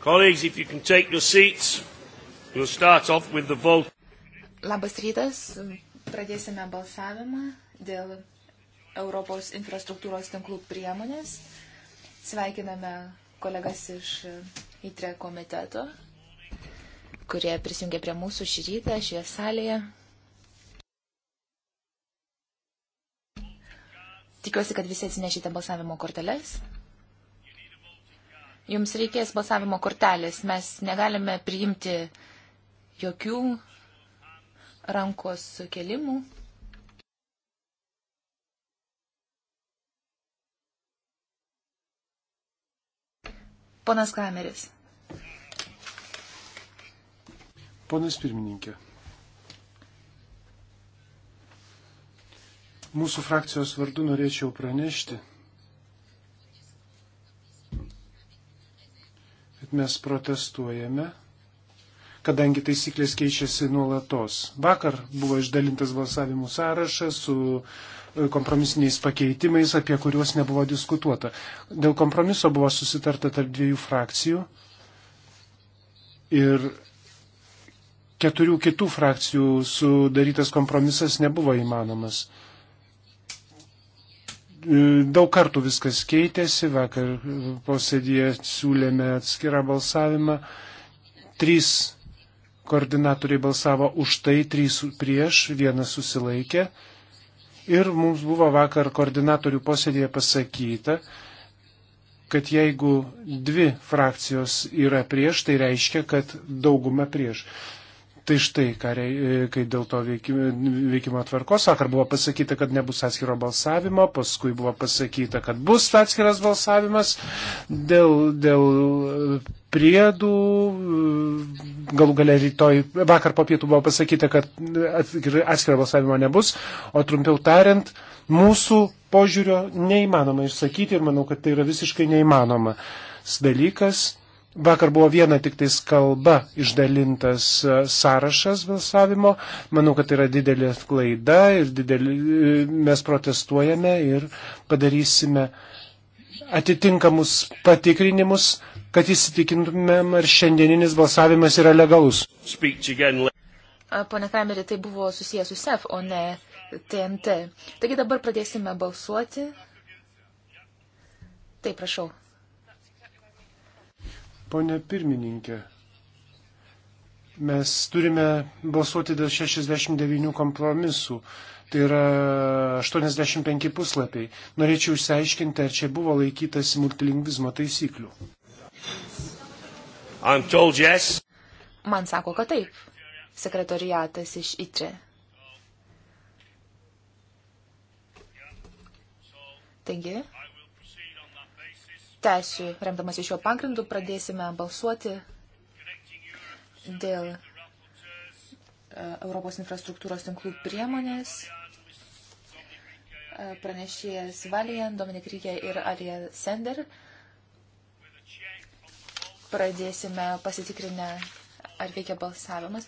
Colleagues, if you can take your seats, we'll start off with the vote. Labas rytas, pradėsime balsavimą dėl Europos infrastruktūros tinklų priemonės. Sveikiname kolegas iš ITRE komiteto, kurie prisijungė prie mūsų šį rytą šioje salėje. Tikiuosi, kad visi atsinešite balsavimo korteles. Jums reikės balsavimo kortelės. Mes negalime priimti jokių rankos sukelimų. Ponas Kameris. Ponas pirmininkė. Mūsų frakcijos vardu norėčiau pranešti, mes protestuojame, kadangi taisyklės keičiasi nuolatos. Vakar buvo išdalintas balsavimų sąrašas su e, kompromisiniais pakeitimais, apie kuriuos nebuvo diskutuota. Dėl kompromiso buvo susitarta tarp dviejų frakcijų ir keturių kitų frakcijų sudarytas kompromisas nebuvo įmanomas. E, daug kartų viskas keitėsi, vakar posėdėje siūlėme atskirą balsavimą. Trys koordinatoriai balsavo už tai, trys prieš, vienas susilaikė. Ir mums buvo vakar koordinatorių posėdėje pasakyta, kad jeigu dvi frakcijos yra prieš, tai reiškia, kad dauguma prieš. Tai štai, e, kai dėl to veikimo tvarkos vakar buvo pasakyta, kad nebus atskiro balsavimo, paskui buvo pasakyta, kad bus atskiras balsavimas dėl, dėl e, priedų, e, galų galia rytoj, vakar po pietų buvo pasakyta, kad atskiro balsavimo nebus, o trumpiau tariant, mūsų požiūrio neįmanoma išsakyti ir manau, kad tai yra visiškai neįmanoma dalykas Vakar buvo viena tik tais kalba išdalintas e, sąrašas balsavimo. Manau, kad tai yra didelė klaida ir didelė, e, mes protestuojame ir padarysime atitinkamus patikrinimus, kad įsitikintumėm, ar šiandieninis balsavimas yra legalus. Pone Kameri, tai buvo susijęs su SEF, o ne TNT. Taigi dabar pradėsime balsuoti. Taip, prašau. Pone pirmininkė, mes turime balsuoti dėl 69 kompromisų. Tai yra 85 puslapiai. Norėčiau išsiaiškinti, ar čia buvo laikytasi multilingvizmo taisyklių. Yes. Man sako, kad taip. Sekretoriatas iš ITRE. Taigi, teisų, remdamas iš jo pagrindų, pradėsime balsuoti dėl e, Europos infrastruktūros tinklų priemonės. E, pranešėjas Valijan, Dominik Rykė ir Alija Sender. Pradėsime pasitikrinę, ar veikia balsavimas.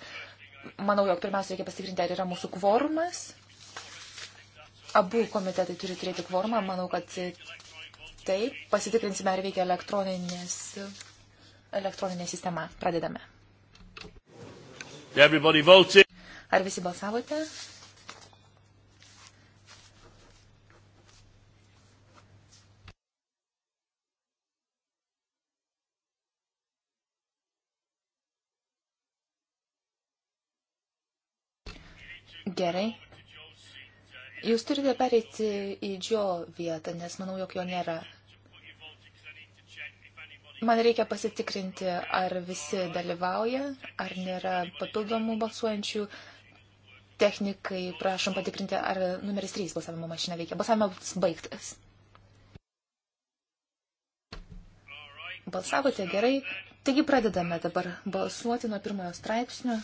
Manau, jog pirmiausia reikia pasitikrinti, ar yra mūsų kvorumas. Abu komitetai turi turėti kvorumą. Manau, kad Taip, pasitikrinsime, ar veikia elektroninės, elektroninė sistema. Pradedame. Ar visi balsavote? Gerai, Jūs turite pereiti į džio vietą, nes manau, jog jo nėra. Man reikia pasitikrinti, ar visi dalyvauja, ar nėra papildomų balsuojančių. Technikai, prašom patikrinti, ar numeris 3 balsavimo mašina veikia. Balsavimas baigtas. Balsavote gerai. Taigi pradedame dabar balsuoti nuo pirmojo straipsnio.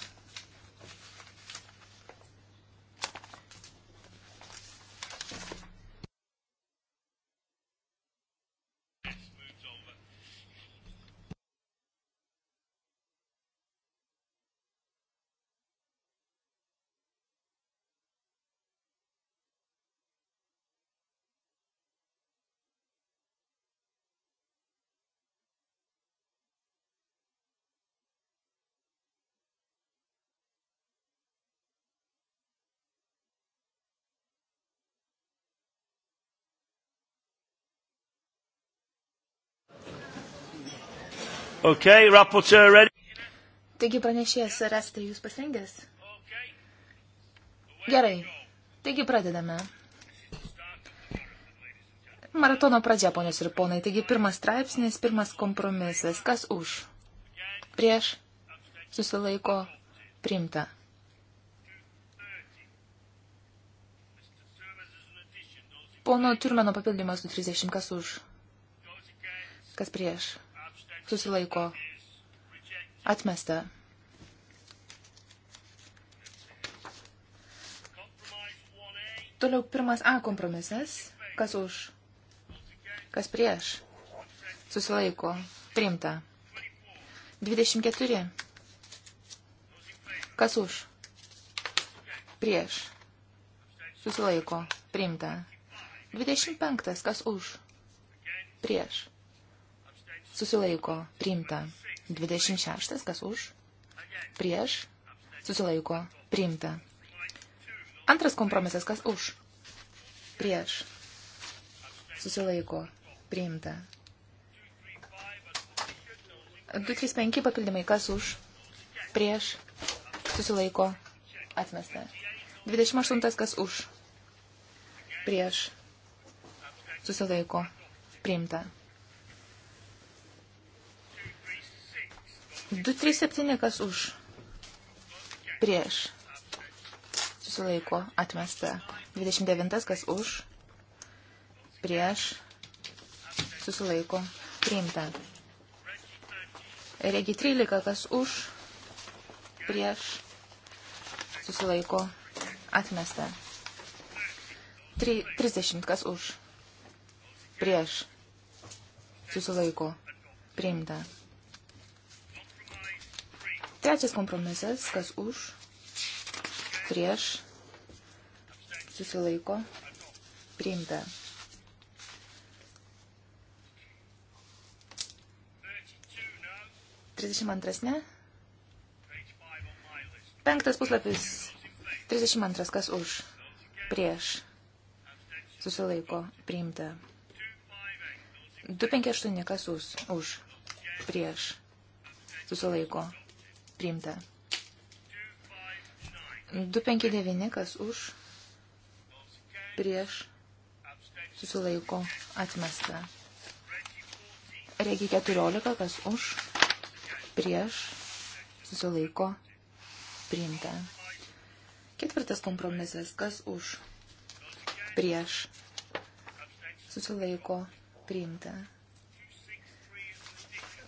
Okay, rapporteur ready. Taigi pranešėjas rasite jūs pasirengęs? Gerai. Taigi pradedame. Maratono pradžia, ponios ir ponai. Taigi pirmas straipsnis, pirmas kompromisas. Kas už? Prieš susilaiko primta. Pono Turmeno papildymas su 30. Kas už? Kas prieš? susilaiko, atmesta. Toliau pirmas A kompromisas, kas už, kas prieš, susilaiko, priimta. 24. Kas už? Prieš. Susilaiko. Priimta. 25. Kas už? Prieš susilaiko, priimta. 26, kas už, prieš, susilaiko, priimta. Antras kompromisas, kas už, prieš, susilaiko, priimta. 235 papildymai, kas už, prieš, susilaiko, atmesta. 28, kas už, prieš, susilaiko, priimta. 237 kas už. Prieš. Susilaiko. Atmesta. 29 kas už. Prieš. Susilaiko. Priimta. Regi 13 kas už. Prieš. Susilaiko. Atmesta. 30 kas už. Prieš. Susilaiko. Priimta. Trečias kompromisas, kas už, prieš, susilaiko, priimta. Trisdešimt antras, ne? Penktas puslapis. Trisdešimt antras, kas už, prieš, susilaiko, priimta. 258 kas už, už, prieš, susilaiko, priimta. 259, kas už, prieš, susilaiko, atmesta. Reikia 14, kas už, prieš, susilaiko, priimta. Ketvirtas kompromisas, kas už, prieš, susilaiko, priimta.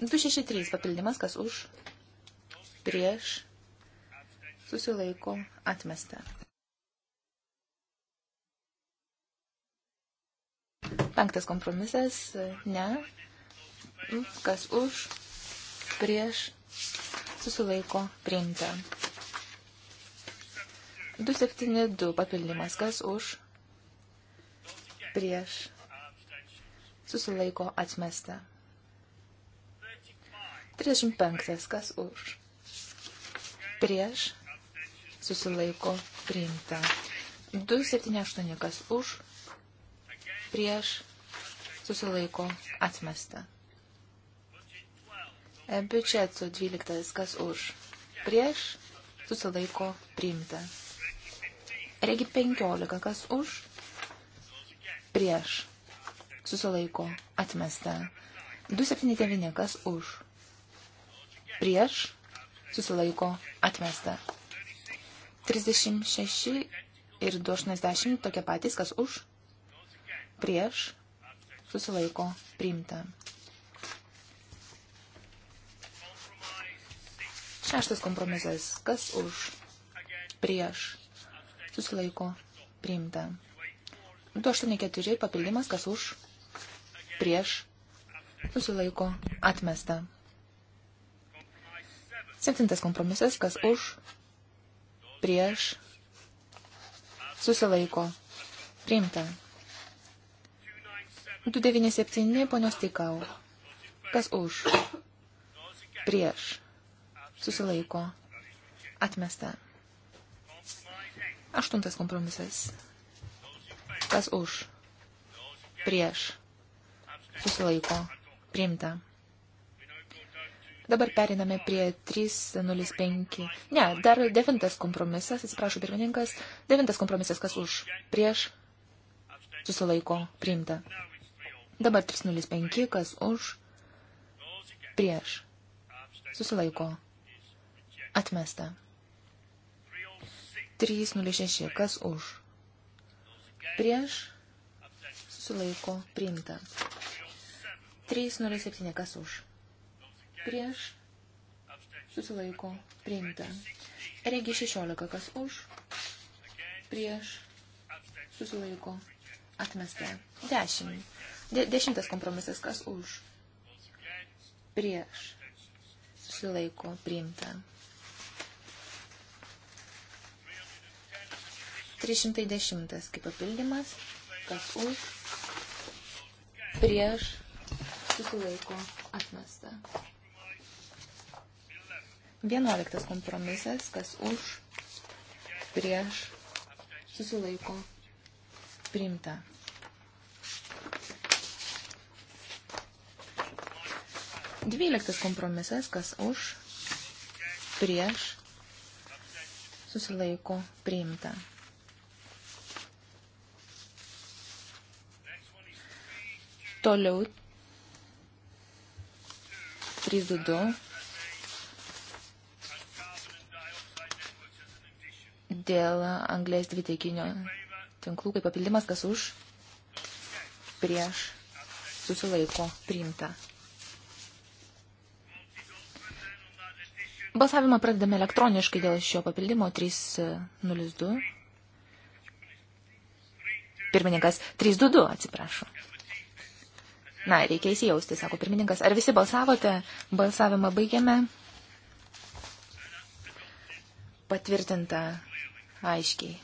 263 papildymas, kas už, prieš, susilaiko, atmesta. Penktas kompromisas, ne, kas už, prieš, susilaiko, priimta. 272 papildymas, kas už, prieš, susilaiko atmesta. 35. Kas už? prieš, susilaiko priimta. 278 kas už, prieš, susilaiko atmesta. E, biudžeto 12 kas už, prieš, susilaiko priimta. Regi 15 kas už, prieš, susilaiko atmesta. 279 kas už, prieš, susilaiko atmesta. 36 ir 280 tokie patys, kas už, prieš, susilaiko priimta. Šeštas kompromisas, kas už, prieš, susilaiko priimta. 284 papildymas, kas už, prieš, susilaiko atmesta. Septintas kompromisas, kas už, prieš, susilaiko, priimta. 297, ponios Tikau. Kas už, prieš, susilaiko, atmesta. Aštuntas kompromisas. Kas už, prieš, susilaiko, priimta. Dabar periname prie 305. Ne, dar devintas kompromisas, atsiprašau pirmininkas. Devintas kompromisas, kas už, prieš, susilaiko, priimta. Dabar 305, kas už, prieš, susilaiko, atmesta. 306, kas už, prieš, susilaiko, priimta. 307, kas už prieš, susilaiko, priimta. Regi 16, kas už, prieš, susilaiko, atmesta. 10. De, dešimtas kompromisas, kas už, prieš, susilaiko, priimta. 310 kaip papildymas, kas už, prieš, susilaiko, atmesta. Vienuoliktas kompromisas, kas už, prieš, susilaiko, priimta. Dvyliktas kompromisas, kas už, prieš, susilaiko, priimta. Toliau 322 dėl anglės dvitekinio tinklų kaip papildymas, kas už, prieš, susilaiko, priimta. Balsavimą pradedame elektroniškai dėl šio papildymo 302. Pirmininkas 322, atsiprašau. Na, reikia įsijausti, sako pirmininkas. Ar visi balsavote? Balsavimą baigiame. Patvirtinta aiškiai.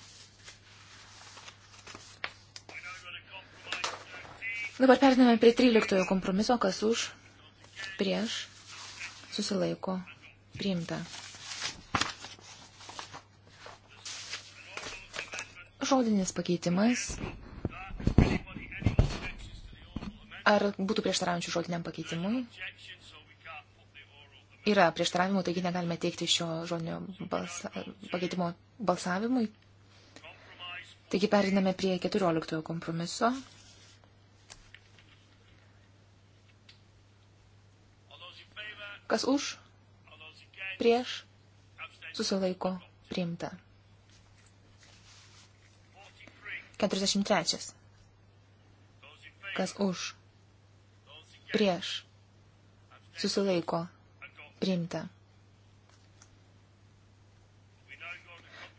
Dabar perdame prie 13 kompromiso, kas už, prieš, susilaiko, priimta. Žodinis pakeitimas. Ar būtų prieštaraujančių žodiniam pakeitimui? yra prieštaravimų, taigi negalime teikti šio žodinio balsa, pakeitimo balsavimui. Taigi periname prie 14 kompromiso. Kas už, prieš, susilaiko, priimta. 43. Kas už, prieš, susilaiko, priimta priimta.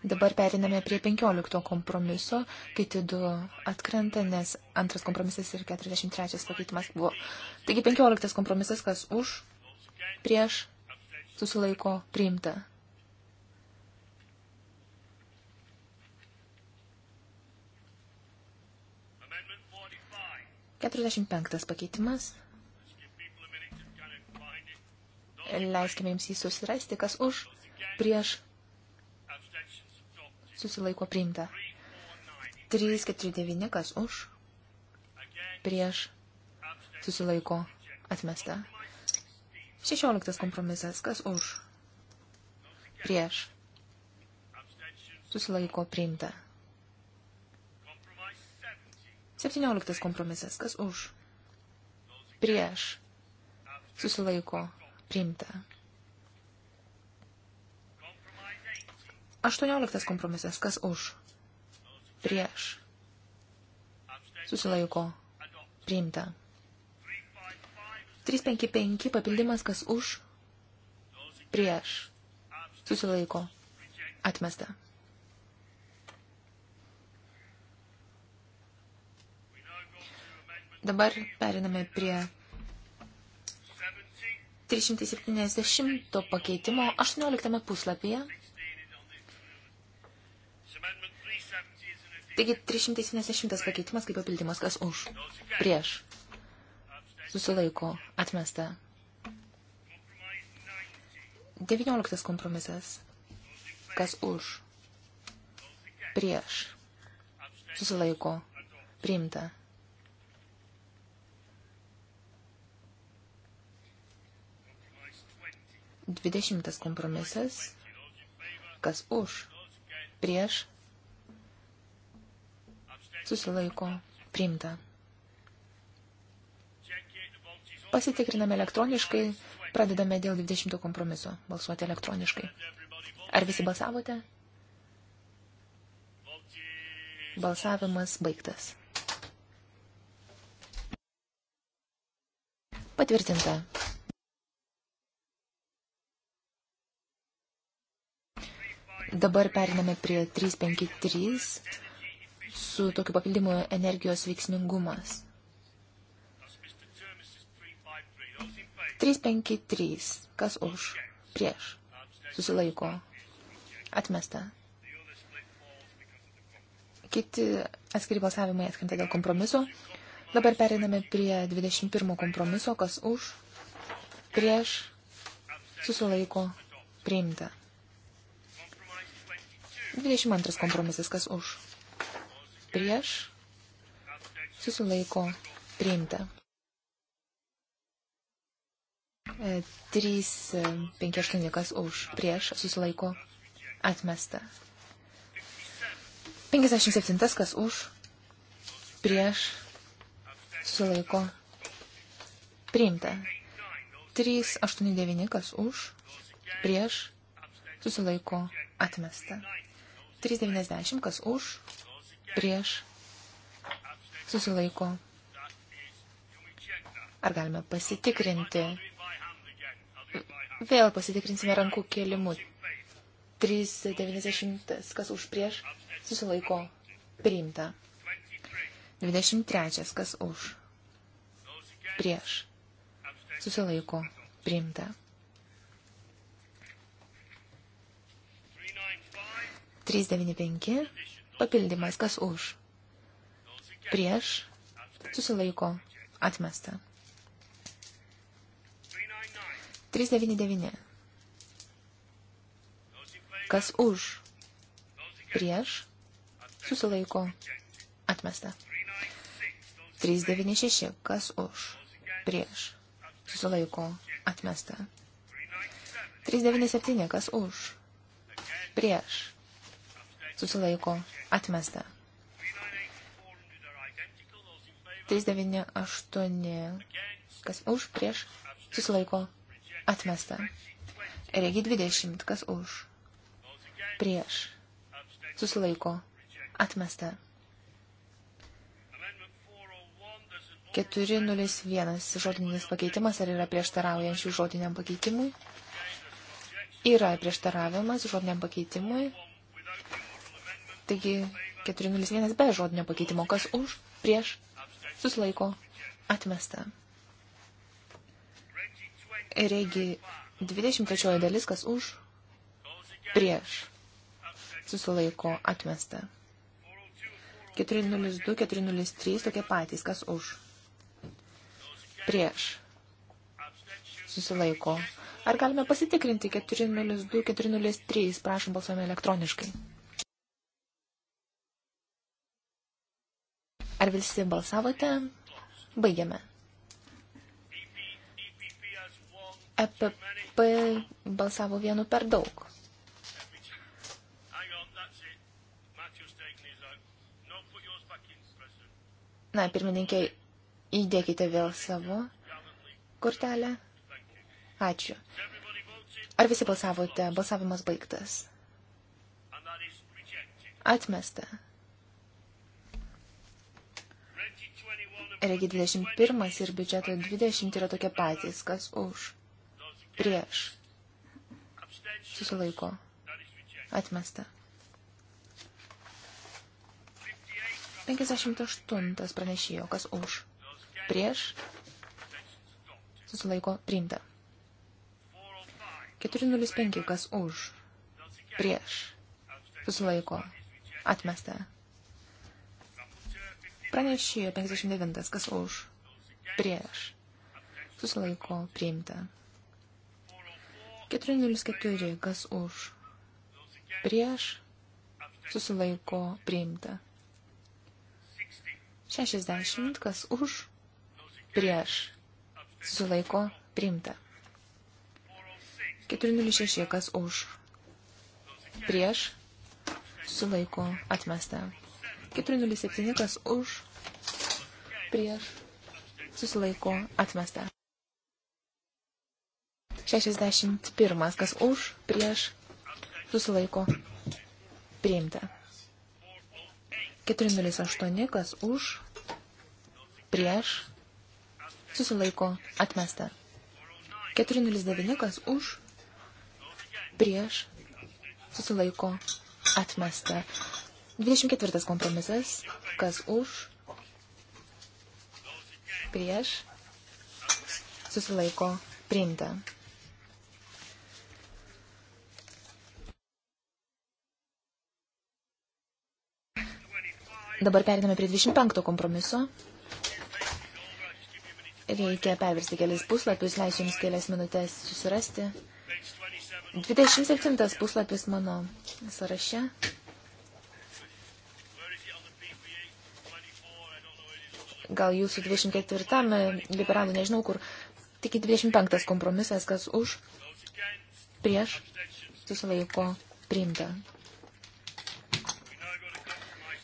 Dabar periname prie 15 kompromiso, kiti du atkrenta, nes antras kompromisas ir 43 pakeitimas buvo. Taigi 15 kompromisas, kas už, prieš, susilaiko priimta. Keturiasdešimt penktas pakeitimas. Leiskime jums jį susirasti, kas už, prieš, susilaiko priimta. 3, 4, 9, kas už, prieš, susilaiko atmesta. 16 kompromisas, kas už, prieš, susilaiko priimta. 17 kompromisas. Kas už? Prieš. Susilaiko. Priimta. 18 kompromisas. Kas už? Prieš. Susilaiko. Priimta. 355 papildymas. Kas už? Prieš. Susilaiko. Atmesta. Dabar periname prie 370 pakeitimo 18 puslapyje. Taigi 370 pakeitimas kaip papildymas, kas už, prieš, susilaiko, atmesta. 19 kompromisas, kas už, prieš, susilaiko, priimta. Dvidešimtas kompromisas. Kas už? Prieš? Susilaiko. Priimta. Pasitikriname elektroniškai. Pradedame dėl 20 kompromiso balsuoti elektroniškai. Ar visi balsavote? Balsavimas baigtas. Patvirtinta. Dabar periname prie 353 su tokiu papildymu energijos veiksmingumas. 353. Kas už? Prieš. Susilaiko. Atmesta. Kiti atskiri balsavimai atkrenta dėl kompromiso. Dabar periname prie 21 kompromiso. Kas už? Prieš. Susilaiko. Priimta. 22 kompromisas, kas už. Prieš. Susilaiko. Priimta. 3, 5, 8, kas už. Prieš. Susilaiko. Atmesta. 57, kas už. Prieš. Susilaiko. Priimta. 3, 8, 9, kas už. Prieš. Susilaiko. Atmesta. 390, kas už, prieš, susilaiko. Ar galime pasitikrinti? Vėl pasitikrinsime rankų kėlimu. 390, kas už prieš, susilaiko priimta. 23, kas už prieš, susilaiko priimta. 395. Papildymas. Kas už? Prieš. Susilaiko. Atmesta. 399. Kas už? Prieš. Susilaiko. Atmesta. 396. Kas už? Prieš. Susilaiko. Atmesta. 397. Kas už? Prieš susilaiko atmesta. 398, kas už, prieš, susilaiko atmesta. Regi 20, kas už, prieš, susilaiko atmesta. 401 žodinis pakeitimas, ar yra prieštaraujančių žodiniam pakeitimui? Yra prieštaravimas žodiniam pakeitimui. Taigi 401 be žodinio pakeitimo. Kas už, prieš, susilaiko, atmesta. Regi 23 dalis, kas už, prieš, susilaiko, atmesta. 402, 403 tokie patys, kas už, prieš, susilaiko. Ar galime pasitikrinti 402, 403, prašom balsuojame elektroniškai. Ar visi balsavote? Baigiame. EPP balsavo vienu per daug. Na, pirmininkė, įdėkite vėl savo kortelę. Ačiū. Ar visi balsavote? Balsavimas baigtas. Atmesta. Regi 21 ir biudžeto 20 yra tokie patys, kas už, prieš, susilaiko, atmesta. 58 pranešėjo, kas už, prieš, susilaiko, priimta. 405, kas už, prieš, susilaiko, atmesta. Pranešėjo 59. Kas už? Prieš. Susilaiko priimta. 404. Kas už? Prieš. Susilaiko priimta. 60. Kas už? Prieš. Susilaiko priimta. 406. Kas už? Prieš. Sulaiko atmesta. 407 kas už, prieš, susilaiko, atmesta. 61 kas už, prieš, susilaiko, priimta. 408 kas už, prieš, susilaiko, atmesta. 409 kas už, prieš, susilaiko, atmesta. 24 kompromisas. Kas už? Prieš? Susilaiko priimta. Dabar periname prie 25 kompromiso. Reikia perversti kelias puslapius, leisiu jums kelias minutės susirasti. 27 puslapis mano sąraše. gal jūsų 24 liberalų nežinau kur, tik 25 kompromisas, kas už, prieš, susilaiko priimta.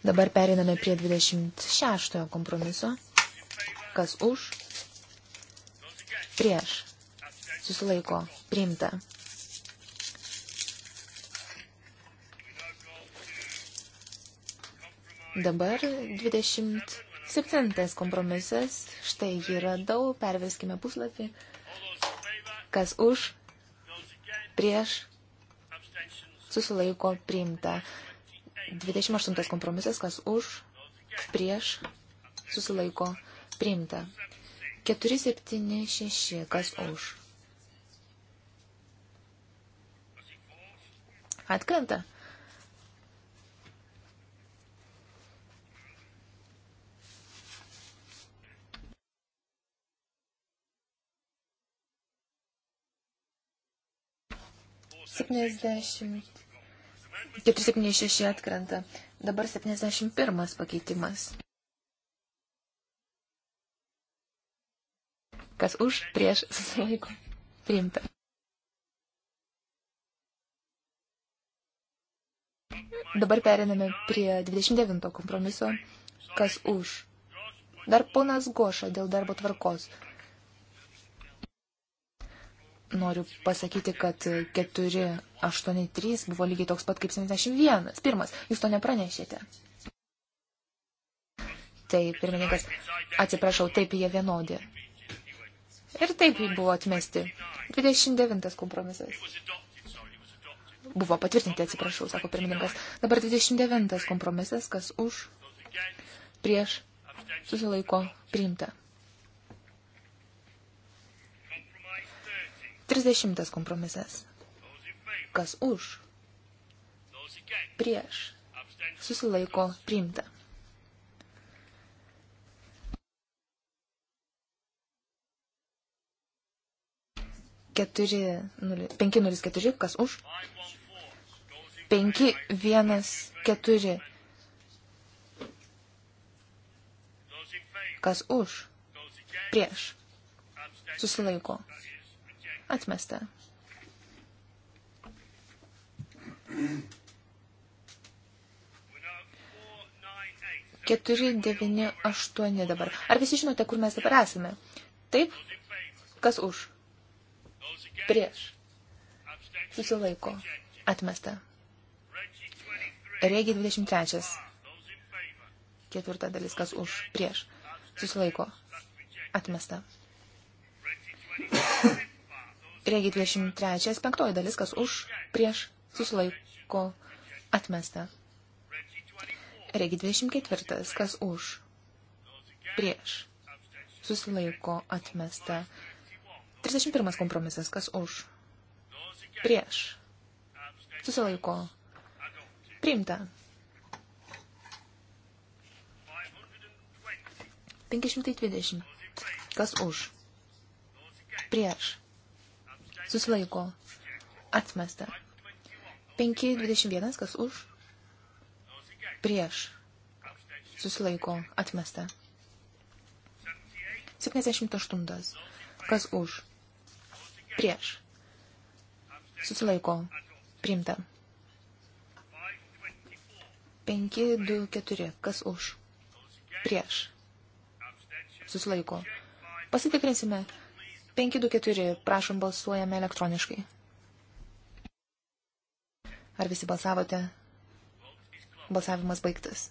Dabar periname prie 26 kompromiso, kas už, prieš, susilaiko priimta. Dabar 20. Septintas kompromisas, štai jį radau, perveskime puslapį. Kas už, prieš, susilaiko priimta. 28 kompromisas, kas už, prieš, susilaiko priimta. 476, kas už. Atkrenta. 70. 476 atkrenta. Dabar 71 pakeitimas. Kas už, prieš, susilaiko. Priimta. Dabar periname prie 29 kompromiso. Kas už? Dar ponas Goša dėl darbo tvarkos noriu pasakyti, kad 483 buvo lygiai toks pat kaip 71. Pirmas, jūs to nepranešėte. Taip, pirmininkas, atsiprašau, taip jie vienodi. Ir taip jį buvo atmesti. 29 kompromisas. Buvo patvirtinti, atsiprašau, sako pirmininkas. Dabar 29 kompromisas, kas už, prieš, susilaiko, priimta. 30 kompromisas. Kas už? Prieš. Susilaiko priimta. Keturi, nuli, penki nulis keturi, kas už? Penki vienas keturi. Kas už? Prieš. Susilaiko Atmesta. Keturi, devini, aštuoni dabar. Ar visi žinote, kur mes dabar esame? Taip? Kas už? Prieš. Susilaiko. Atmesta. Regi 23. Ketvirta dalis, kas už, prieš. Susilaiko. Atmesta. Regi 23, penktoji dalis, kas už, prieš, susilaiko, atmesta. Regi 24, kas už, prieš, susilaiko, atmesta. 31 kompromisas, kas už, prieš, susilaiko, priimta. 520, kas už, prieš, susilaiko, atmesta. 5.21, kas už, prieš, susilaiko, atmesta. 78, kas už, prieš, susilaiko, priimta. 5.2.4, kas už, prieš, susilaiko. Pasitikrinsime 5.2.4. 524. Prašom, balsuojame elektroniškai. Ar visi balsavote? Balsavimas baigtas.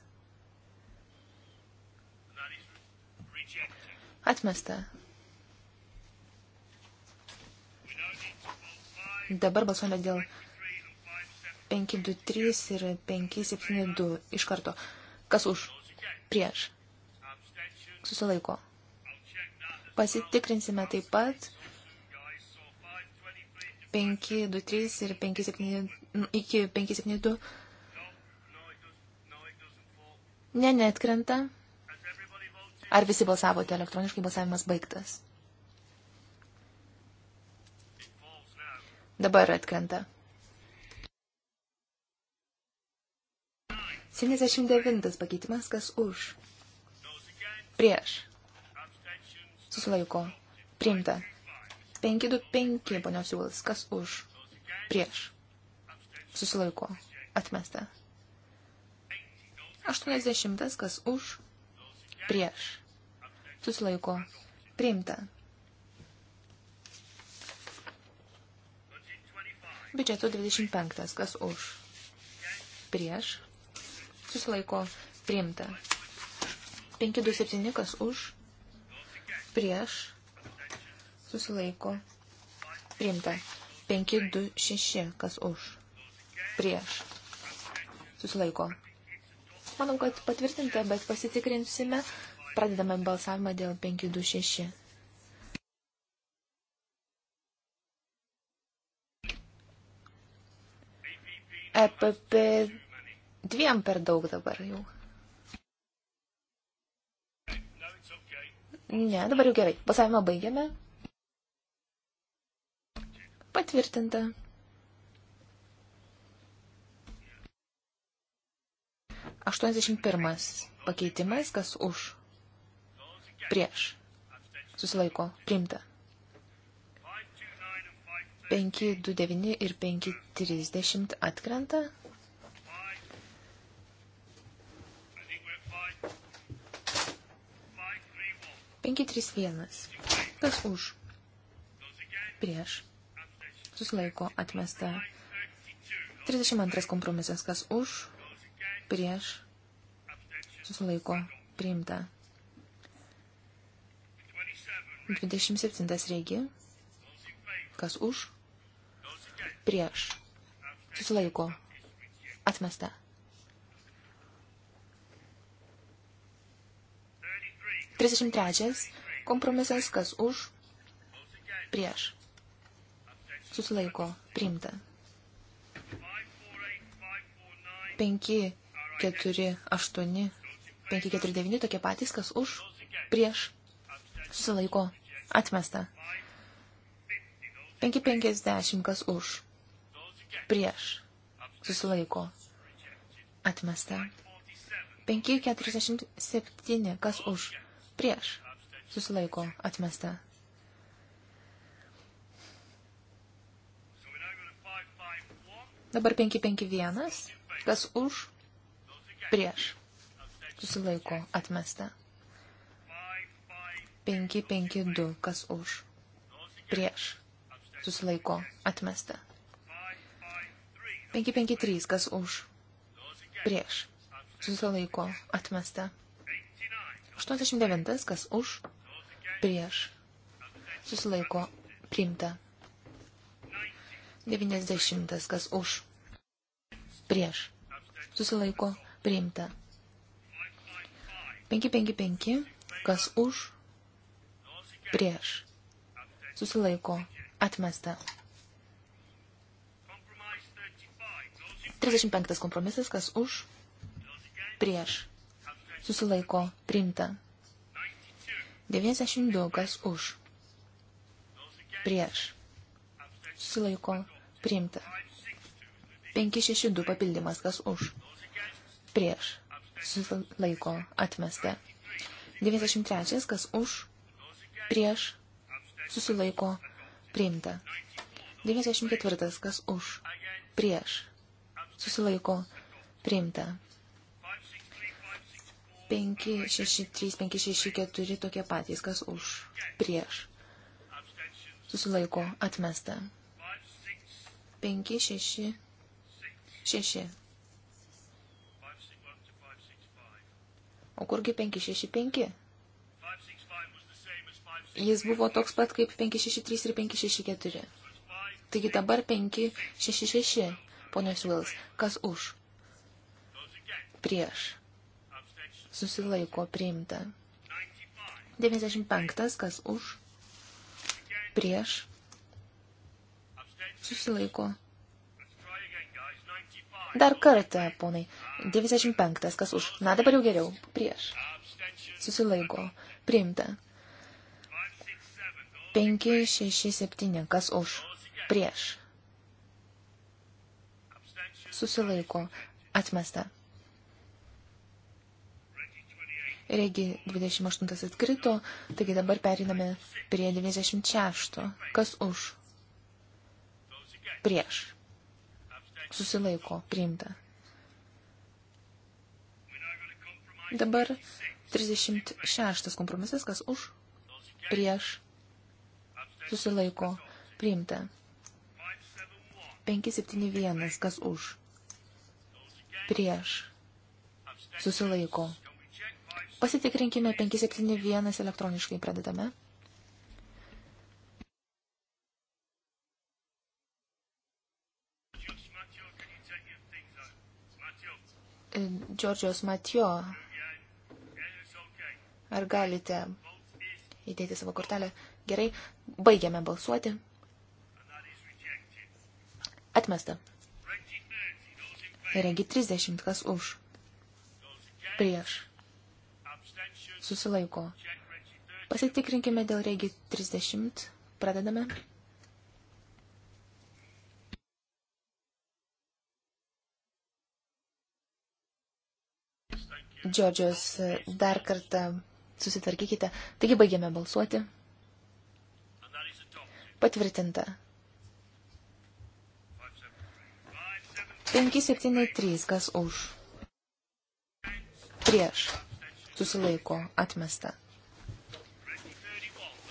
Atmesta. Dabar balsuojame dėl 523 ir 572 iš karto. Kas už? Prieš. Susilaiko. Pasitikrinsime taip pat 523 ir 57, nu, iki 572. Ne, netkrenta. Ar visi balsavote elektroniškai, balsavimas baigtas? Dabar atkrenta. 79 pakeitimas, kas už? Prieš susilaiko priimta. 525 ponios Jūlas, kas už, prieš, susilaiko atmesta. 80 kas už, prieš, susilaiko priimta. Biudžeto 25. Kas už? Prieš. Susilaiko. Priimta. 527. Kas už? prieš, susilaiko, priimta. 526, kas už, prieš, susilaiko. Manau, kad patvirtinta, bet pasitikrinsime. Pradedame balsavimą dėl 526. EPP dviem per daug dabar jau. Ne, dabar jau gerai. Balsavimą baigiame. Patvirtinta. Aštuoniasdešimt pirmas pakeitimas, kas už, prieš, susilaiko, priimta. 529 ir 530 atkrenta. 531. Kas už? Prieš. Susilaiko atmesta. 32 kompromisas. Kas už? Prieš. Susilaiko priimta. 27 reigi. Kas už? Prieš. Susilaiko. Atmesta. 33. Kompromisas kas už, prieš, susilaiko, priimta. 5, 4, 8, 5, 4, 9, tokie patys, kas už, prieš, susilaiko, atmesta. 5, 50, kas už, prieš, susilaiko, atmesta. 5, 47, kas už, prieš, susilaiko, atmesta. Dabar 551, kas už, prieš, susilaiko, atmesta. 552, kas už, prieš, susilaiko, atmesta. 553, kas už, prieš, susilaiko, atmesta. 89. Kas už? Prieš. Susilaiko. Priimta. 90. Kas už? Prieš. Susilaiko. Priimta. 555. Kas už? Prieš. Susilaiko. Atmesta. 35 kompromisas, kas už, prieš, susilaiko priimta. 92 kas už. Prieš. Susilaiko priimta. 562 papildymas kas už. Prieš. Susilaiko atmesta. 93 kas už. Prieš. Susilaiko priimta. 94 kas už. Prieš. Susilaiko priimta. 5, 6, 3, 5, 6, 4 tokie patys, kas už, prieš. Susilaiko, atmesta. 5, 6, 6. O kurgi 5, 6, 5? Jis buvo toks pat kaip 563 ir 564. Taigi dabar 566, ponios Vils, kas už? Prieš susilaiko priimta. 95. Kas už, prieš, susilaiko. Dar kartą, ponai. 95. Kas už. Na, dabar jau geriau. Prieš. Susilaiko. Priimta. 5, 6, 7. Kas už. Prieš. Susilaiko. Atmesta. Regi 28 atkrito, taigi dabar periname prie 96. Kas už? Prieš. Susilaiko, priimta. Dabar 36 kompromisas, kas už? Prieš. Susilaiko, priimta. 571, kas už? Prieš. Susilaiko, priimta Pasitikrinkime 571 elektroniškai pradedame. Džordžios Matijo, ar galite įdėti savo kortelę? Gerai, baigiame balsuoti. Atmesta. Regi 30, kas už. Prieš susilaiko. Pasitikrinkime dėl regi 30. Pradedame. Džodžios, dar kartą susitarkykite. Taigi baigėme balsuoti. Patvirtinta. 573, kas už. Prieš susilaiko atmesta.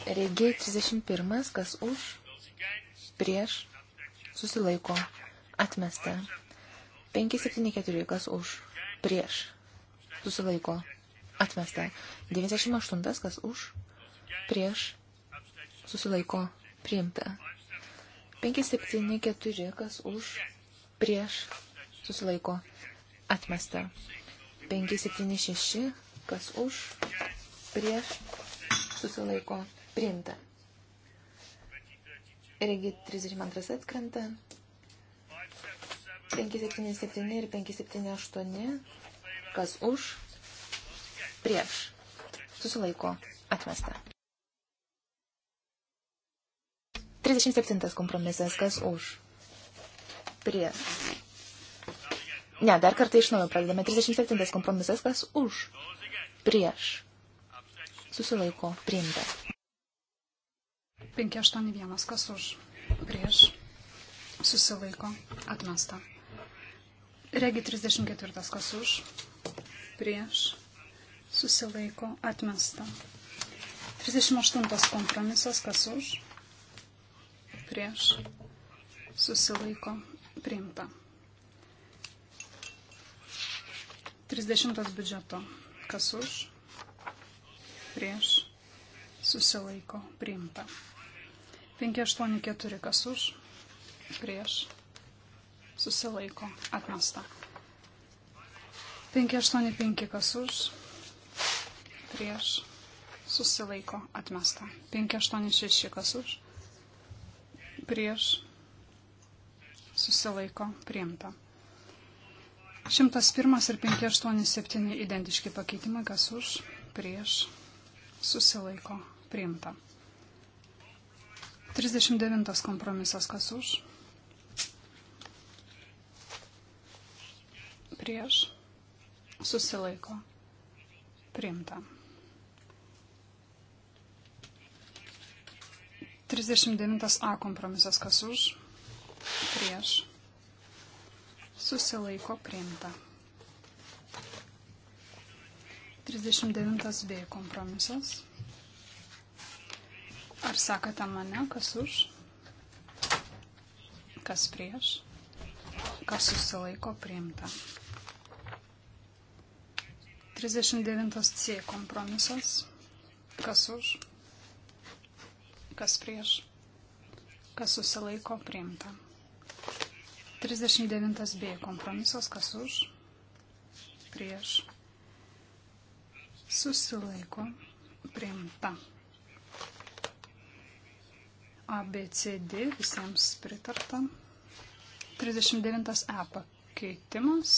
Regiai 31, kas už, prieš, susilaiko atmesta. 574, kas už, prieš, susilaiko atmesta. 98, kas už, prieš, susilaiko priimta. 574, kas už, prieš, susilaiko atmesta. 576, kas už, prieš, susilaiko, priimta. Regi 32 atkrenta, 577 ir 578, kas už, prieš, susilaiko, atmesta. 37 kompromisas, kas už, prieš. Ne, dar kartą iš naujo pradedame. 37 kompromisas, kas už, prieš, susilaiko, priimta. 581, kas už, prieš, susilaiko, atmesta. Regi 34, kas už, prieš, susilaiko, atmesta. 38 kompromisas, kas už, prieš, susilaiko, priimta. 30 biudžeto, Kas už? Prieš. Susilaiko. Priimta. 584. Kas už? Prieš. Susilaiko. Atmesta. 585. Kas už? Prieš. Susilaiko. Atmesta. 586. Kas už? Prieš. Susilaiko. Priimta. 101 ir 587 identiški pakeitimai, kas už, prieš, susilaiko, priimta. 39 kompromisas, kas už, prieš, susilaiko, priimta. 39a kompromisas, kas už, prieš, susilaiko priimta. 39 B kompromisas. Ar sekate mane, kas už, kas prieš, kas susilaiko priimta. 39 C kompromisas. Kas už, kas prieš, kas susilaiko priimta. 39b kompromisas, kas už, prieš, susilaiko, priimta. ABCD visiems pritarta. 39e pakeitimas.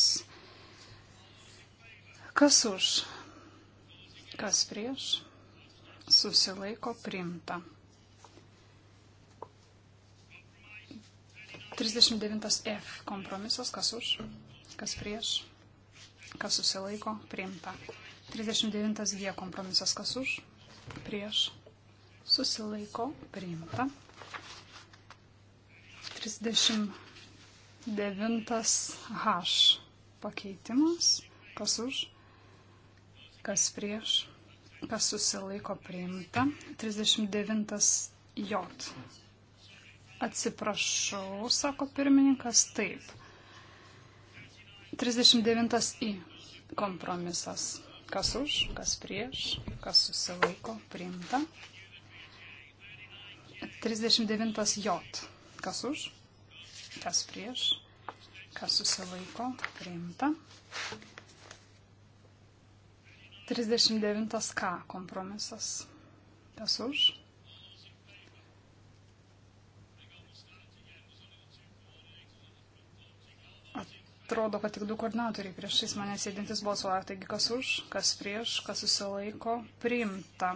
Kas už, kas prieš, susilaiko, priimta. 39F kompromisas, kas už, kas prieš, kas susilaiko, priimta. 39G kompromisas, kas už, prieš, susilaiko, priimta. 39H pakeitimas, kas už, kas prieš, kas susilaiko, priimta. 39J Atsiprašau, sako pirmininkas, taip. 39 į kompromisas. Kas už, kas prieš, kas susilaiko, priimta. 39 J. Kas už, kas prieš, kas susilaiko, priimta. 39 K kompromisas. Kas už, atrodo, kad tik du koordinatoriai priešais mane sėdintis balsuoja. Taigi kas už, kas prieš, kas susilaiko, priimta.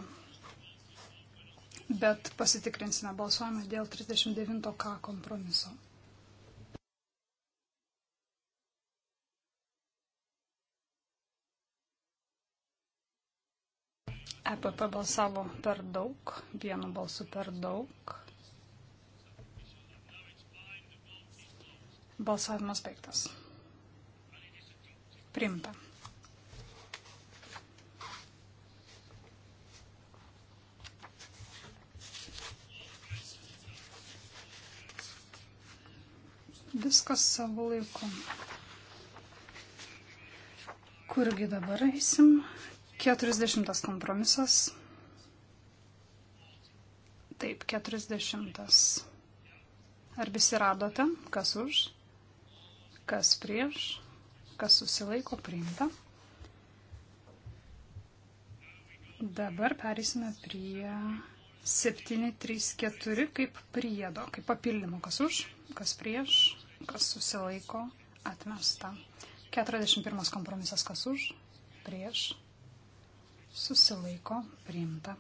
Bet pasitikrinsime balsuojame dėl 39K kompromiso. EPP balsavo per daug, vienu balsu per daug. Balsavimas baigtas. Primta. Viskas savo laiku. Kurgi dabar eisim? 40 kompromisas. Taip, 40. Ar visi radote, kas už, kas prieš? kas susilaiko priimta. Dabar perėsime prie 734 kaip priedo, kaip papildymo, kas už, kas prieš, kas susilaiko atmesta. 41 kompromisas, kas už, prieš, susilaiko priimta.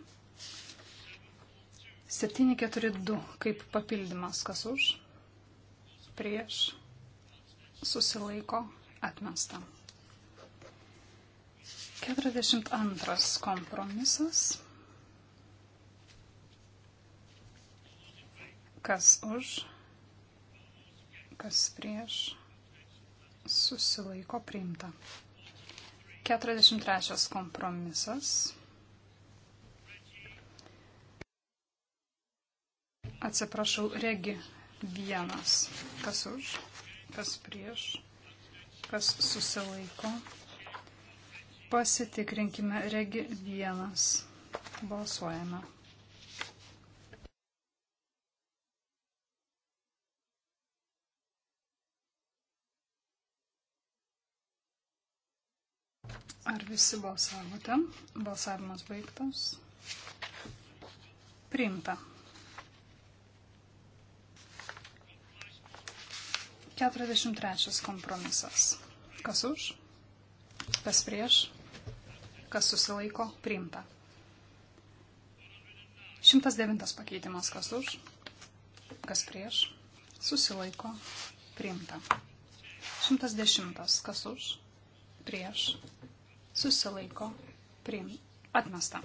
742 kaip papildymas, kas už, prieš, susilaiko Atmesta. 42 kompromisas. Kas už, kas prieš, susilaiko priimta. 43 kompromisas. Atsiprašau, regi vienas. Kas už, kas prieš, kas susilaiko. Pasitikrinkime regi vienas. Balsuojame. Ar visi balsavote? Balsavimas baigtas. Priimta. 43 kompromisas. Kas už? Kas prieš? Kas susilaiko? Priimta. 109 pakeitimas. Kas už? Kas prieš? Susilaiko? Priimta. 110. Kas už? Prieš? Susilaiko? Priimta. Atmesta.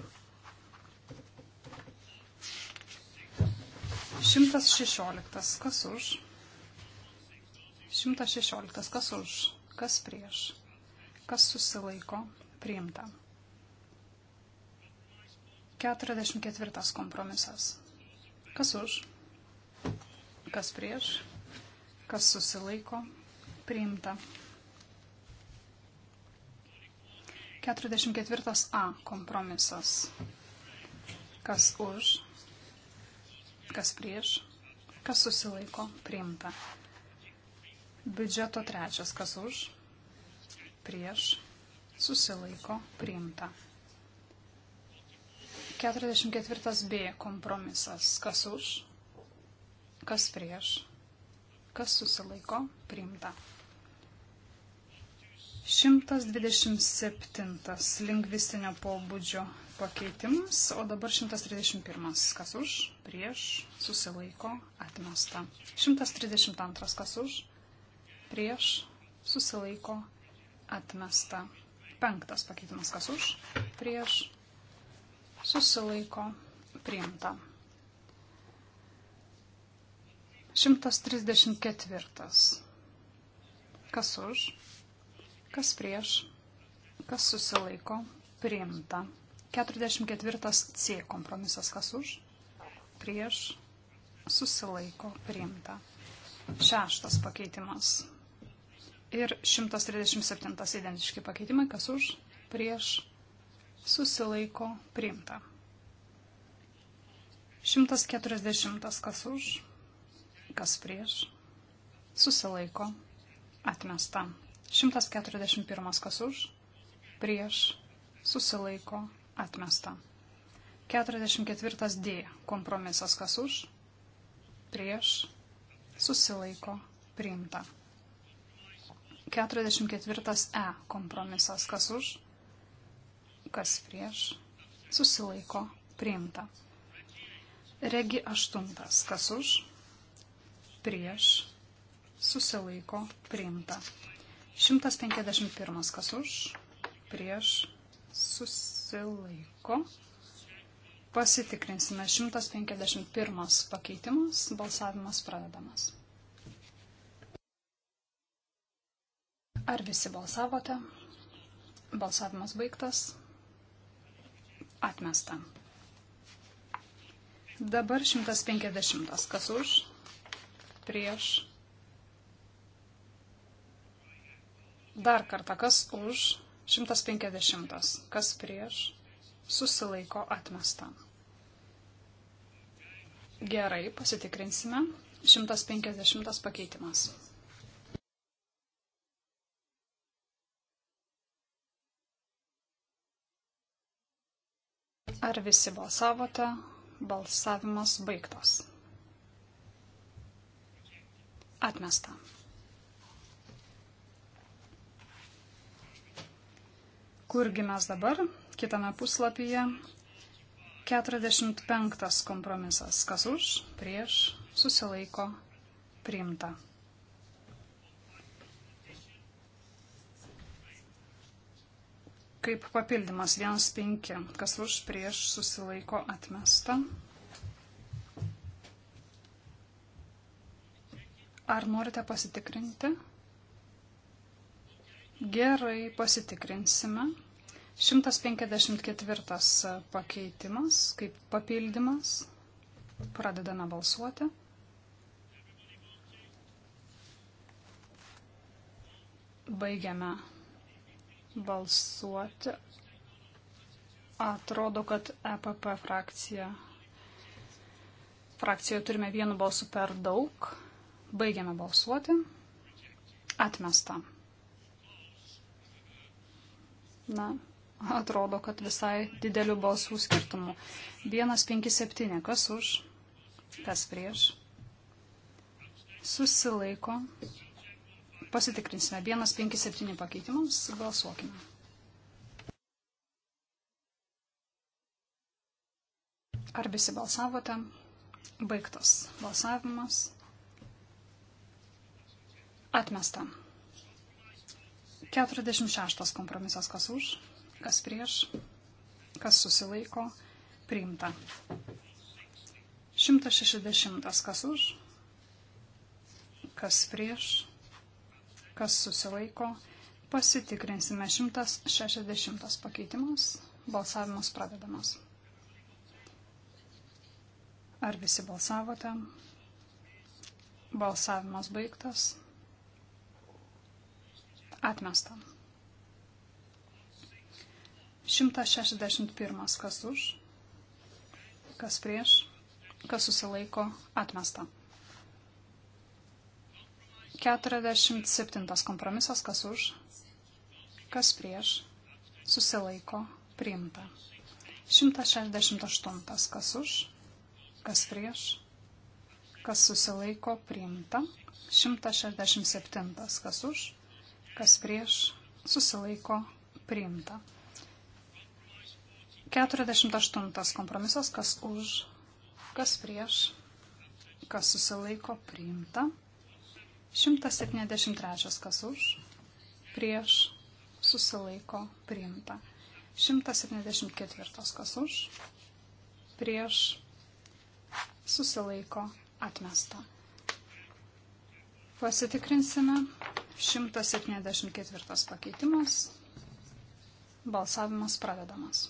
116. Kas už? 116. Kas už, kas prieš, kas susilaiko, priimta. 44. Kompromisas. Kas už, kas prieš, kas susilaiko, priimta. 44a kompromisas. Kas už, kas prieš, kas susilaiko, priimta. Biudžeto trečias, kas už, prieš, susilaiko, priimta. 44b kompromisas, kas už, kas prieš, kas susilaiko, priimta. 127 lingvistinio pobūdžio pakeitimas, o dabar 131. Kas už, prieš, susilaiko, atmesta. 132. Kas už, prieš, susilaiko, atmesta. Penktas pakeitimas kas už, prieš, susilaiko, priimta. 134. Kas už, kas prieš, kas susilaiko, priimta. 44 C kompromisas kas už, prieš, susilaiko, priimta. Šeštas pakeitimas ir 137 identiški pakeitimai, kas už, prieš, susilaiko, priimta. 140 kas už, kas prieš, susilaiko, atmesta. 141 kas už, prieš, susilaiko, atmesta. 44 D kompromisas kas už, prieš, susilaiko, priimta. 44E kompromisas. Kas už, kas prieš, susilaiko priimta. Regi 8. Kas už, prieš, susilaiko priimta. 151. Kas už, prieš, susilaiko. Pasitikrinsime 151 pakeitimas, balsavimas pradedamas. Ar visi balsavote? Balsavimas baigtas. Atmesta. Dabar 150. Kas už? Prieš. Dar kartą, kas už? 150. Kas prieš? Susilaiko atmesta. Gerai, pasitikrinsime. 150 pakeitimas. Ar visi balsavote? Balsavimas baigtas. Atmesta. Kurgi mes dabar? Kitame puslapyje 45 kompromisas. Kas už, prieš, susilaiko, priimta. kaip papildymas 1.5, kas už prieš susilaiko atmesta. Ar norite pasitikrinti? Gerai, pasitikrinsime. 154 pakeitimas, kaip papildymas. Pradedame balsuoti. Baigiame balsuoti. Atrodo, kad EPP frakcija. Frakcijoje turime vienu balsu per daug. Baigiame balsuoti. Atmesta. Na, atrodo, kad visai didelių balsų skirtumų. 157, kas už, kas prieš. Susilaiko, Pasitikrinsime 157 pakeitimams. Balsuokime. Ar visi balsavote? Baigtas balsavimas. Atmesta. 46 kompromisas kas už, kas prieš, kas susilaiko, priimta. 160 kas už, kas prieš, kas susilaiko. Pasitikrinsime 160 pakeitimas. Balsavimas pradedamas. Ar visi balsavote? Balsavimas baigtas. Atmesta. 161 kas už, kas prieš, kas susilaiko, atmesta. 47 kompromisas, kas už, kas prieš, susilaiko, priimta. 168 kas už, kas prieš, kas susilaiko, priimta. 167 kas už, kas prieš, susilaiko, priimta. 48 kompromisas, kas už, kas prieš, kas susilaiko, priimta. 173 kas už, prieš, susilaiko, priimta. 174 kas už, prieš, susilaiko, atmesta. Pasitikrinsime 174 pakeitimas. Balsavimas pradedamas.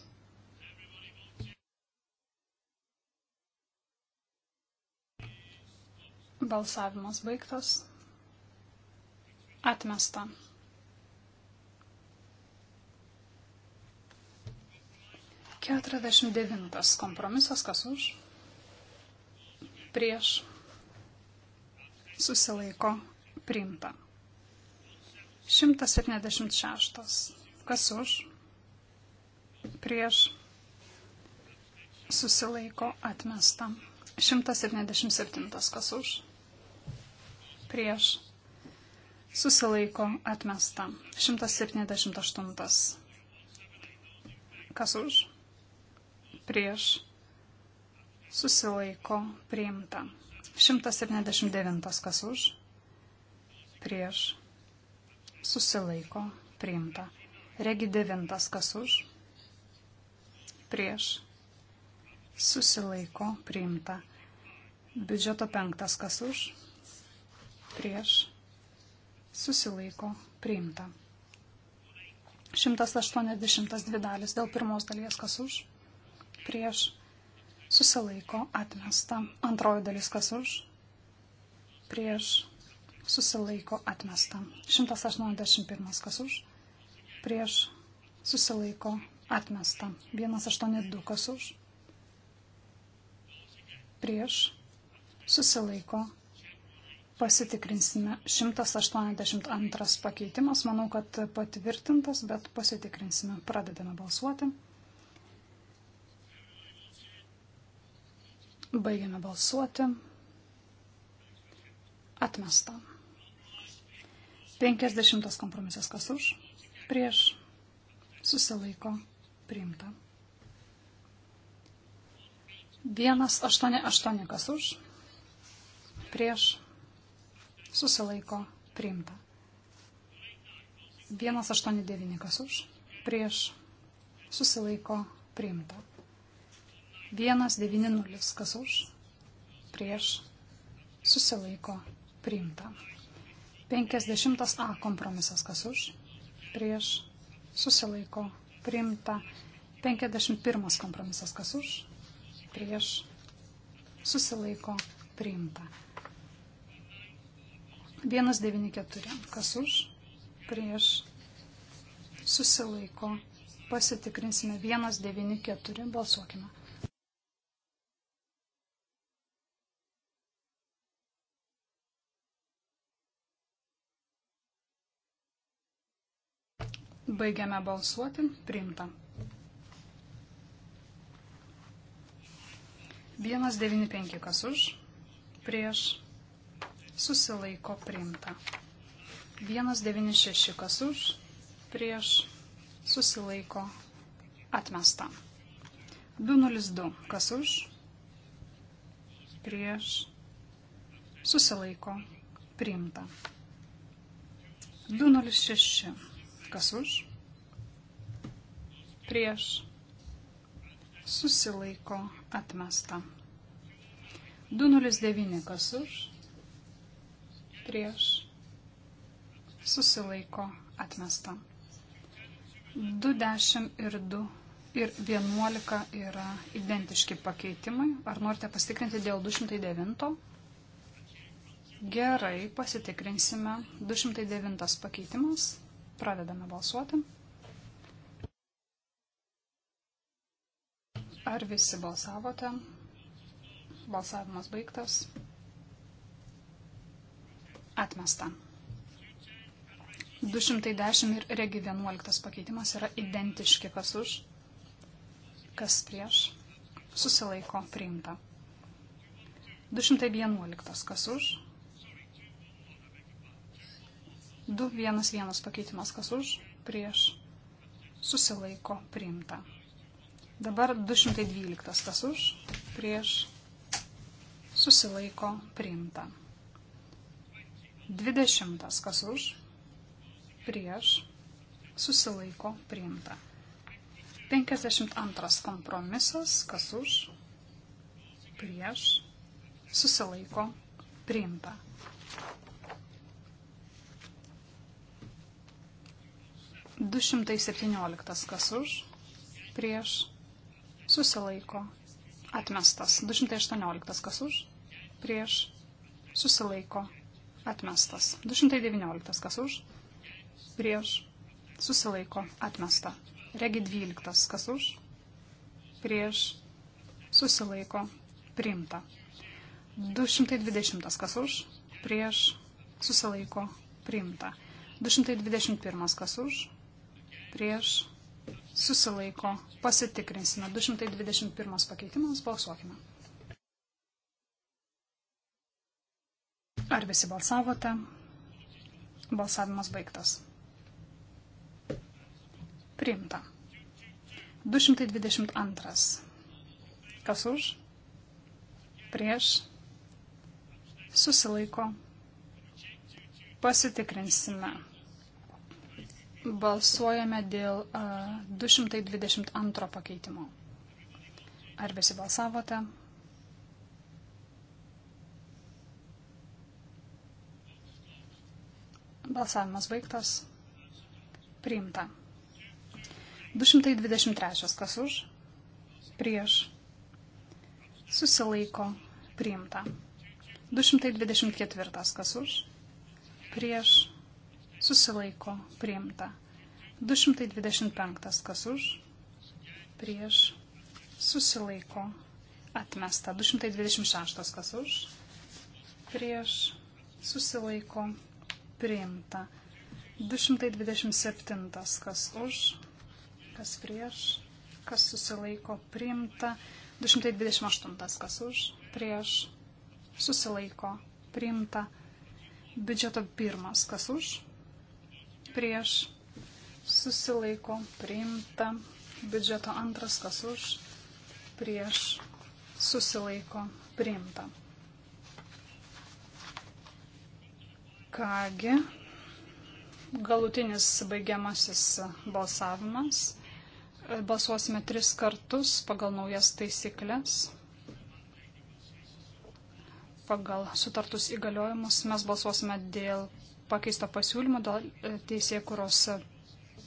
Balsavimas baigtas. Atmesta. Keturiasdešimt devintas kompromisas, kas už? Prieš. Susilaiko. Priimta. 176. Kas už? Prieš. Susilaiko atmesta. 177. Kas už? Prieš susilaiko atmesta. 178. Kas už? Prieš susilaiko priimta. 179. Kas už? Prieš susilaiko priimta. Regi 9. Kas už? Prieš susilaiko priimta. Biudžeto penktas kas už, prieš, susilaiko priimta. 182 dalis dėl pirmos dalies kas už, prieš susilaiko atmesta. Antroji dalis kas už, prieš susilaiko atmesta. 181 kas už, prieš susilaiko atmesta. 182 kas už, prieš susilaiko atmesta Pasitikrinsime. 182 pakeitimas, manau, kad patvirtintas, bet pasitikrinsime. Pradedame balsuoti. Baigiame balsuoti. Atmesta. 50 kompromisas kas už, prieš, susilaiko, priimta. 188 kas už, prieš, susilaiko priimta. 189 kas už, prieš susilaiko priimta. 190 kas už, prieš susilaiko priimta. 50 A kompromisas kas už, prieš susilaiko priimta. 51 kompromisas kas už, prieš susilaiko priimta. 194. Kas už? Prieš. Susilaiko. Pasitikrinsime 194. Balsuokime. Baigiame balsuoti. Priimta. 195 kas už, prieš susilaiko priimta. 196 kas už, prieš, susilaiko atmesta. 202 kas už, prieš, susilaiko priimta. 206 kas už, prieš, susilaiko atmesta. 209 kas už, prieš susilaiko atmesta. 210 ir 2 ir 11 yra identiški pakeitimai. Ar norite pasitikrinti dėl 209? Gerai, pasitikrinsime. 209 pakeitimas. Pradedame balsuoti. Ar visi balsavote? Balsavimas baigtas. Atmesta. 210 ir regi 11 pakeitimas yra identiški, kas už, kas prieš, susilaiko priimta. 211 kas už, 211 pakeitimas kas už, prieš, susilaiko priimta. Dabar 212 kas už, prieš, susilaiko priimta. 20. Kas už? Prieš. Susilaiko priimta. 52. Kompromisas. Kas už? Prieš. Susilaiko priimta. Du šimtai septynioliktas kas už, prieš, susilaiko, atmestas. Du šimtai aštuonioliktas kas už, prieš, susilaiko, atmestas. 219 kas už, prieš, susilaiko, atmesta. Regi 12 kas už, prieš, susilaiko, priimta. 220 kas už, prieš, susilaiko, priimta. 221 kas už, prieš, susilaiko, pasitikrinsime. 221 pakeitimas, balsuokime. Ar visi balsavote? Balsavimas baigtas. Priimta. 222. Kas už? Prieš? Susilaiko. Pasitikrinsime. Balsuojame dėl uh, 222 pakeitimo. Ar visi balsavote? Balsavimas baigtas. Priimta. 223. Kas už? Prieš. Susilaiko. Priimta. 224. Kas už? Prieš. Susilaiko. Priimta. 225. Kas už? Prieš. Susilaiko. Atmesta. 226. Kas už? Prieš. Susilaiko priimta. 227. Kas už, kas prieš, kas susilaiko priimta. 228. Kas už, prieš, susilaiko priimta. Biudžeto pirmas. Kas už, prieš, susilaiko priimta. Biudžeto antras. Kas už, prieš, susilaiko priimta. Kągi, galutinis baigiamasis balsavimas. Balsuosime tris kartus pagal naujas taisyklės pagal sutartus įgaliojimus mes balsuosime dėl pakeisto pasiūlymo, dėl e, teisėkuros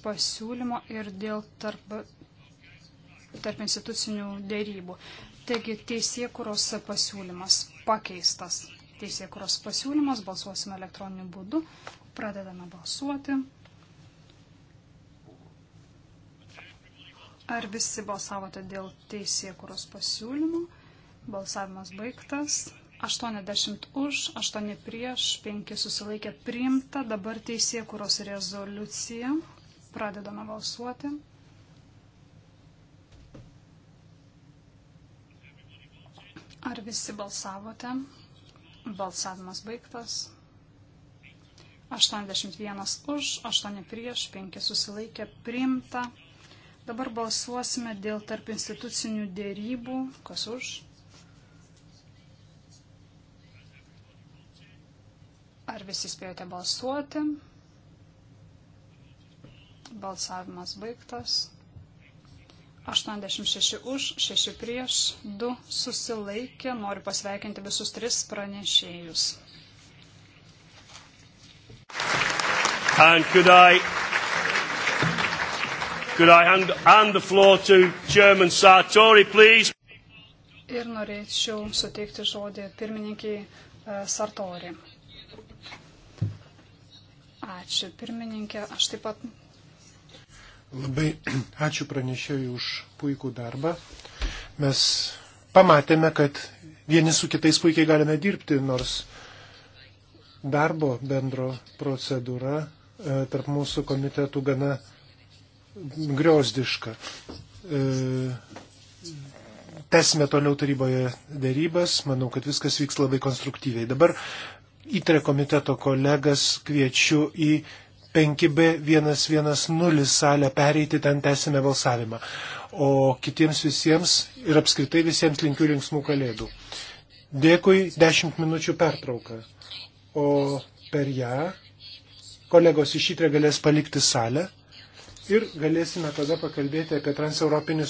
pasiūlymo ir dėl tarp, tarp institucinių dėrybų. Taigi teisėkuros pasiūlymas pakeistas teisėkuros pasiūlymas, balsuosime elektroniniu būdu, pradedame balsuoti. Ar visi balsavote dėl teisėkuros pasiūlymų? Balsavimas baigtas. 80 už, 8 prieš, 5 susilaikė priimta. Dabar teisėkuros rezoliucija. Pradedame balsuoti. Ar visi balsavote? Balsavimas baigtas. 81 už, 8 prieš, 5 susilaikė, priimta. Dabar balsuosime dėl tarp institucinių dėrybų. Kas už? Ar visi spėjote balsuoti? Balsavimas baigtas. 86 už, 6 prieš, 2 susilaikė. Noriu pasveikinti visus tris pranešėjus. And could I, could I hand, hand the floor to Chairman Sartori, please? Ir norėčiau suteikti žodį pirmininkiai e, Sartori. Ačiū pirmininkė. Aš taip pat Labai ačiū pranešėjui už puikų darbą. Mes pamatėme, kad vieni su kitais puikiai galime dirbti, nors darbo bendro procedūra e, tarp mūsų komitetų gana griozdiška. E, Tesime toliau taryboje dėrybas, manau, kad viskas vyks labai konstruktyviai. Dabar įtre komiteto kolegas kviečiu į 5B110 salę pereiti, ten tęsime balsavimą. O kitiems visiems ir apskritai visiems linkiu linksmų kalėdų. Dėkui, 10 minučių pertrauka. O per ją kolegos iš įtrė galės palikti salę ir galėsime tada pakalbėti apie transeuropinius